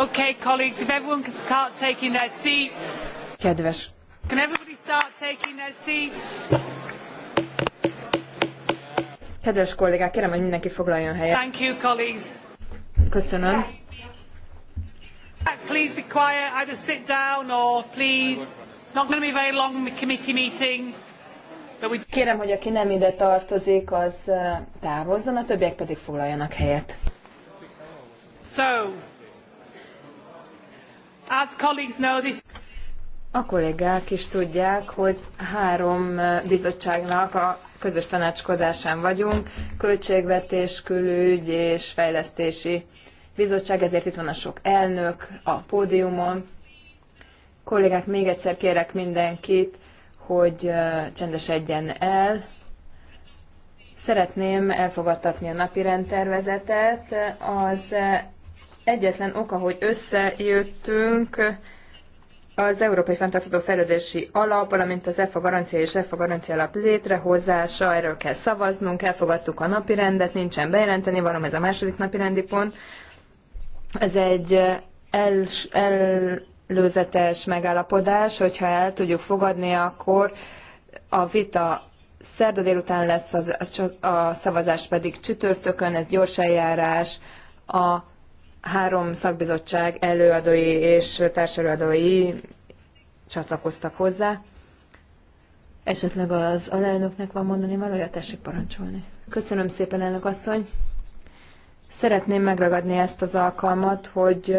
Okay, colleagues, if everyone can start taking their seats. Kedves. Can everybody start taking their seats? Kedves kollégák, kérem, hogy mindenki foglaljon helyet. Thank you, colleagues. Köszönöm. Please be quiet, either sit down or please. Not going to be very long committee meeting. But we... Kérem, hogy aki nem ide tartozik, az eh, távozzon, a többiek pedig foglaljanak helyet. So, a kollégák is tudják, hogy három bizottságnak a közös tanácskodásán vagyunk, költségvetés, külügy és fejlesztési bizottság, ezért itt van a sok elnök a pódiumon. Kollégák, még egyszer kérek mindenkit, hogy csendesedjen el. Szeretném elfogadtatni a napirendtervezetet Az egyetlen oka, hogy összejöttünk, az Európai Fenntartható Fejlődési Alap, valamint az EFA garancia és EFA garancia alap létrehozása, erről kell szavaznunk, elfogadtuk a napirendet, nincsen bejelenteni, valami ez a második napirendi pont. Ez egy eh, el, előzetes megállapodás, hogyha el tudjuk fogadni, akkor a vita szerda délután lesz, az, a szavazás pedig csütörtökön, ez gyors eljárás, a Három szakbizottság előadói és társelőadói csatlakoztak hozzá. Esetleg az alelnöknek van mondani valója, tessék parancsolni. Köszönöm szépen, elnök asszony. Szeretném megragadni ezt az alkalmat, hogy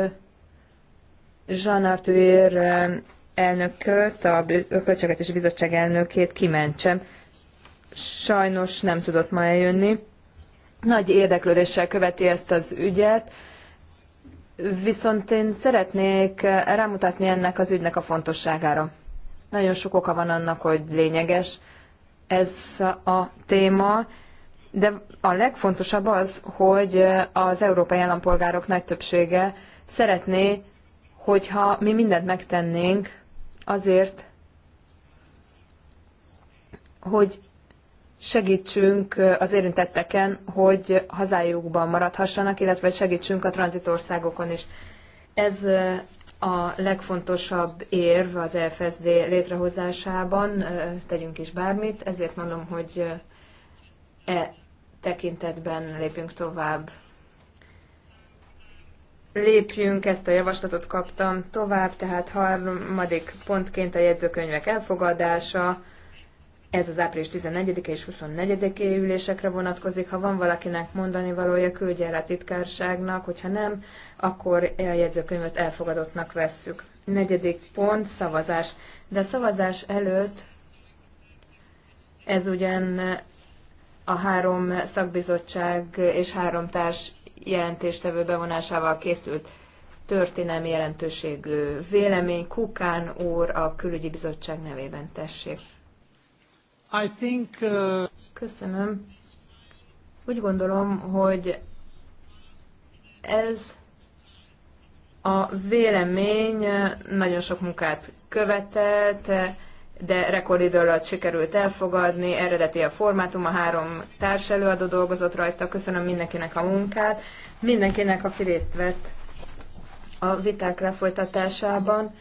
Jean Arthur eh, elnököt, a Költségvetési Bizottság elnökét kimentsem. Sajnos nem tudott ma eljönni. Nagy érdeklődéssel követi ezt az ügyet. Viszont én szeretnék rámutatni ennek az ügynek a fontosságára. Nagyon sok oka van annak, hogy lényeges ez a téma, de a legfontosabb az, hogy az európai állampolgárok nagy többsége szeretné, hogyha mi mindent megtennénk azért, hogy segítsünk az érintetteken, hogy hazájukban maradhassanak, illetve segítsünk a tranzitországokon is. Ez a legfontosabb érv az FSD létrehozásában, tegyünk is bármit, ezért mondom, hogy e tekintetben lépjünk tovább. Lépjünk, ezt a javaslatot kaptam tovább, tehát harmadik pontként a jegyzőkönyvek elfogadása, ez az április 14 -e és 24 -e ülésekre vonatkozik. Ha van valakinek mondani valója, küldje el a titkárságnak, hogyha nem, akkor a jegyzőkönyvet elfogadottnak vesszük. Negyedik pont, szavazás. De a szavazás előtt ez ugyan a három szakbizottság és három társ jelentéstevő bevonásával készült történelmi jelentőségű vélemény. Kukán úr a külügyi bizottság nevében tessék. I think, uh... Köszönöm. Úgy gondolom, hogy ez a vélemény nagyon sok munkát követelt, de rekordidő alatt sikerült elfogadni, eredeti a formátum, a három társelőadó dolgozott rajta, köszönöm mindenkinek a munkát, mindenkinek, aki részt vett a viták lefolytatásában.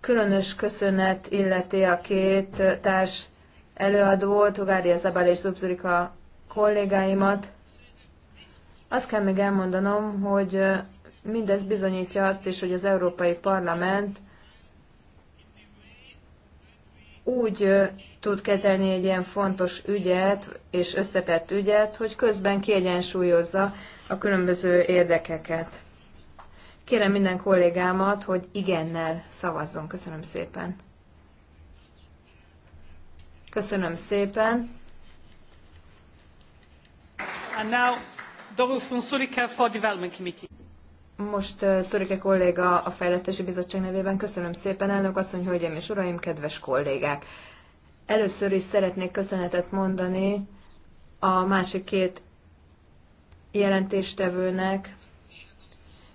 Különös köszönet illeti a két társ előadó, Tugádi Zabál és Zubzurika kollégáimat. Azt kell még elmondanom, hogy mindez bizonyítja azt is, hogy az Európai Parlament úgy tud kezelni egy ilyen fontos ügyet és összetett ügyet, hogy közben kiegyensúlyozza a különböző érdekeket. Kérem minden kollégámat, hogy igennel szavazzon. Köszönöm szépen. Köszönöm szépen. And now, Most uh, kolléga a Fejlesztési Bizottság nevében köszönöm szépen, elnök asszony, hölgyeim és uraim, kedves kollégák! Először is szeretnék köszönetet mondani a másik két jelentéstevőnek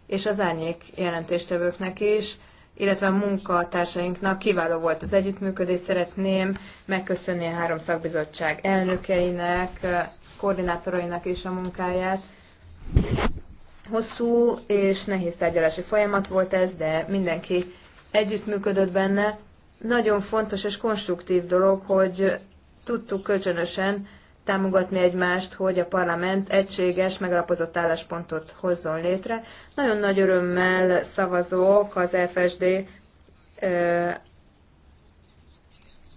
és az árnyék jelentéstevőknek is illetve a munkatársainknak kiváló volt az együttműködés. Szeretném megköszönni a három szakbizottság elnökeinek, koordinátorainak is a munkáját. Hosszú és nehéz tárgyalási folyamat volt ez, de mindenki együttműködött benne. Nagyon fontos és konstruktív dolog, hogy tudtuk kölcsönösen támogatni egymást, hogy a parlament egységes, megalapozott álláspontot hozzon létre. Nagyon nagy örömmel szavazók az FSD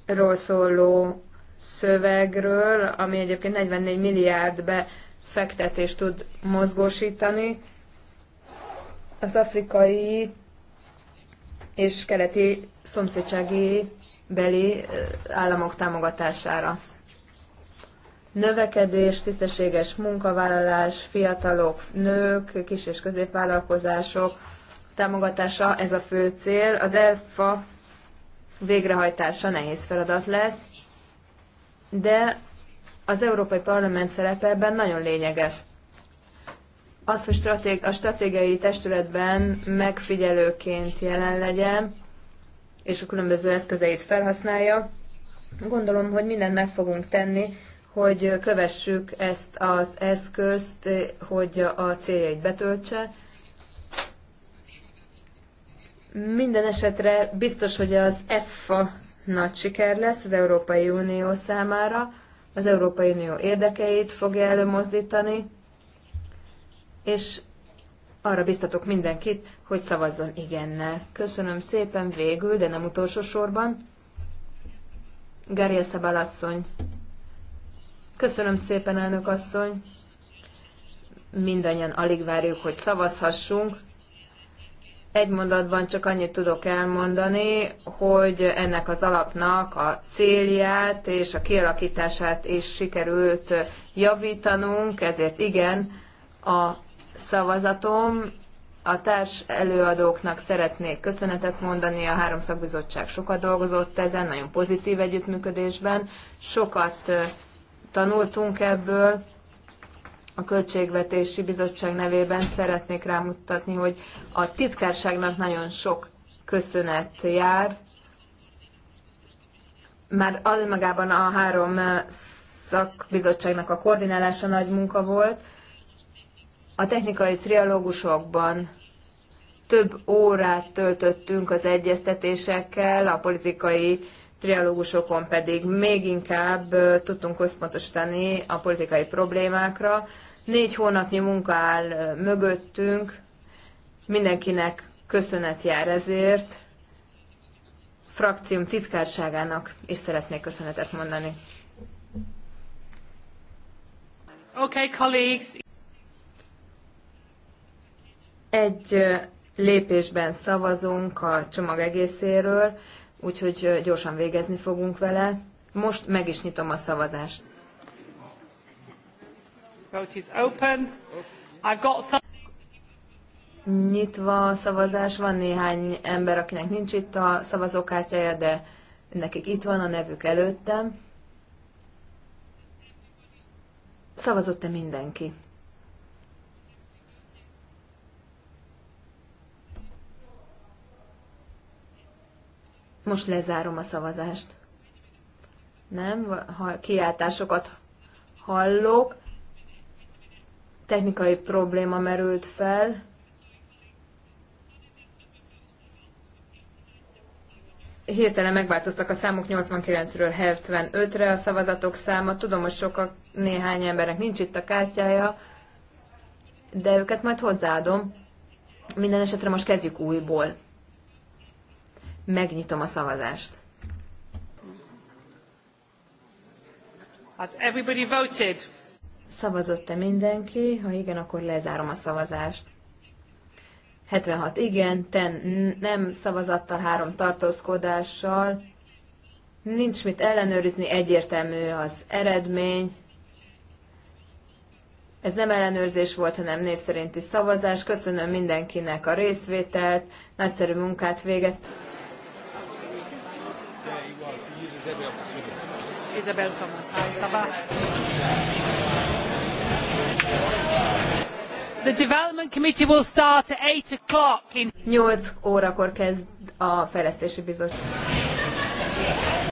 ról szóló szövegről, ami egyébként 44 milliárd befektetést tud mozgósítani. Az afrikai és keleti szomszédsági beli államok támogatására növekedés, tisztességes munkavállalás, fiatalok, nők, kis- és középvállalkozások támogatása, ez a fő cél. Az ELFA végrehajtása nehéz feladat lesz, de az Európai Parlament szerepe ebben nagyon lényeges. Az, hogy stratég, a stratégiai testületben megfigyelőként jelen legyen, és a különböző eszközeit felhasználja, gondolom, hogy mindent meg fogunk tenni, hogy kövessük ezt az eszközt, hogy a céljait betöltse. Minden esetre biztos, hogy az EFA nagy siker lesz az Európai Unió számára, az Európai Unió érdekeit fogja előmozdítani, és arra biztatok mindenkit, hogy szavazzon igennel. Köszönöm szépen végül, de nem utolsó sorban. Garia Szabalasszony. Köszönöm szépen, elnök asszony. Mindannyian alig várjuk, hogy szavazhassunk. Egy mondatban csak annyit tudok elmondani, hogy ennek az alapnak a célját és a kialakítását is sikerült javítanunk, ezért igen, a szavazatom a társ előadóknak szeretnék köszönetet mondani, a három szakbizottság sokat dolgozott ezen, nagyon pozitív együttműködésben, sokat tanultunk ebből. A Költségvetési Bizottság nevében szeretnék rámutatni, hogy a titkárságnak nagyon sok köszönet jár. Már az magában a három szakbizottságnak a koordinálása nagy munka volt. A technikai trialógusokban több órát töltöttünk az egyeztetésekkel, a politikai trialógusokon pedig még inkább tudtunk központosítani a politikai problémákra. Négy hónapnyi munka áll mögöttünk, mindenkinek köszönet jár ezért. Frakcióm titkárságának is szeretnék köszönetet mondani. Okay, colleagues. Egy lépésben szavazunk a csomag egészéről úgyhogy gyorsan végezni fogunk vele. Most meg is nyitom a szavazást. Vote is I've got Nyitva a szavazás, van néhány ember, akinek nincs itt a szavazókártyája, de nekik itt van a nevük előttem. Szavazott-e mindenki? Most lezárom a szavazást. Nem, ha kiáltásokat hallok. Technikai probléma merült fel. Hirtelen megváltoztak a számok 89-ről 75-re a szavazatok száma. Tudom, hogy sokak, néhány embernek nincs itt a kártyája, de őket majd hozzáadom. Minden esetre most kezdjük újból. Megnyitom a szavazást. Has everybody voted? Szavazott-e mindenki? Ha igen, akkor lezárom a szavazást. 76 igen, ten nem szavazattal, három tartózkodással. Nincs mit ellenőrizni, egyértelmű az eredmény. Ez nem ellenőrzés volt, hanem név szerinti szavazás. Köszönöm mindenkinek a részvételt, nagyszerű munkát végeztem. Nyolc Isabel Thomas. The Development Committee will start at 8 o'clock in... 8 órakor kezd a Fejlesztési Bizottság.